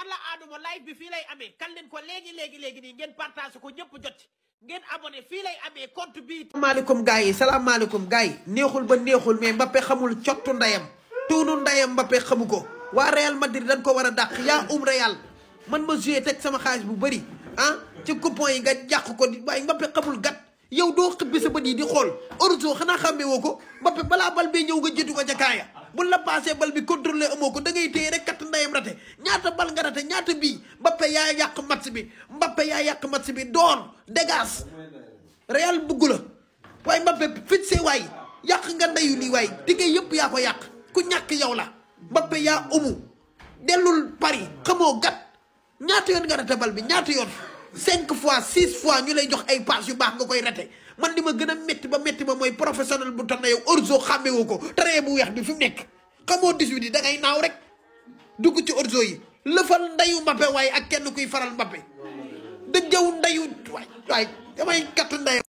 alla aaduma live bi fii lay amee kan leen ko léegi léegi léegi nii ngeen partage ko ñëpp jot ngeen abonné fii lay amee compte bi maaleykum gars yi salaamaaleykum gars yi neexul ba neexul mais Mbappé xamul cottu ndayam tuunu ndayam Mbappé xamu ko waa Real Madrid dañ ko war a dàq yaa um man ma joué sama xaalis bu bëri ah ci coupon yi nga jàq ko di waaye Mbappé xamul gat yow doo xibbi sa bët yi di xool orzo xanaa xàmmee woo ko Mbappé balaa bal bee ñëw nga jëtu ko ca kaaya bu la passé bal bi contrôlé amoo ko da ngay téye rek kat ndayam rate ñaata bal nga ñaata bii Mbappé yaa yàq match bi Mbappé yaa yàq match bi doon dégage Real bugg la waaye Mbappé fitse yàq nga ndeyu lii waay dige yëpp yaa ko yàq ku ñàkk yow la Mbappé yaa umu dellul Paris xamoo gat ñaata yoon nga rate bal bi ñaata yoon cinq fois six fois ñu lay jox ay passe yu baax nga koy rate man di ma gën a metti ba metti ba mooy professionnel bu tànn yow orzo xàmmewoo ko traité bu weex bi fi mu nekk xamoo 18 yi da ngay naaw rek dugg ci orzo yi lëfal ndayu Mbappé waaye ak kenn kuy faral Mbappé da jaw ndayu waay waay damay kattu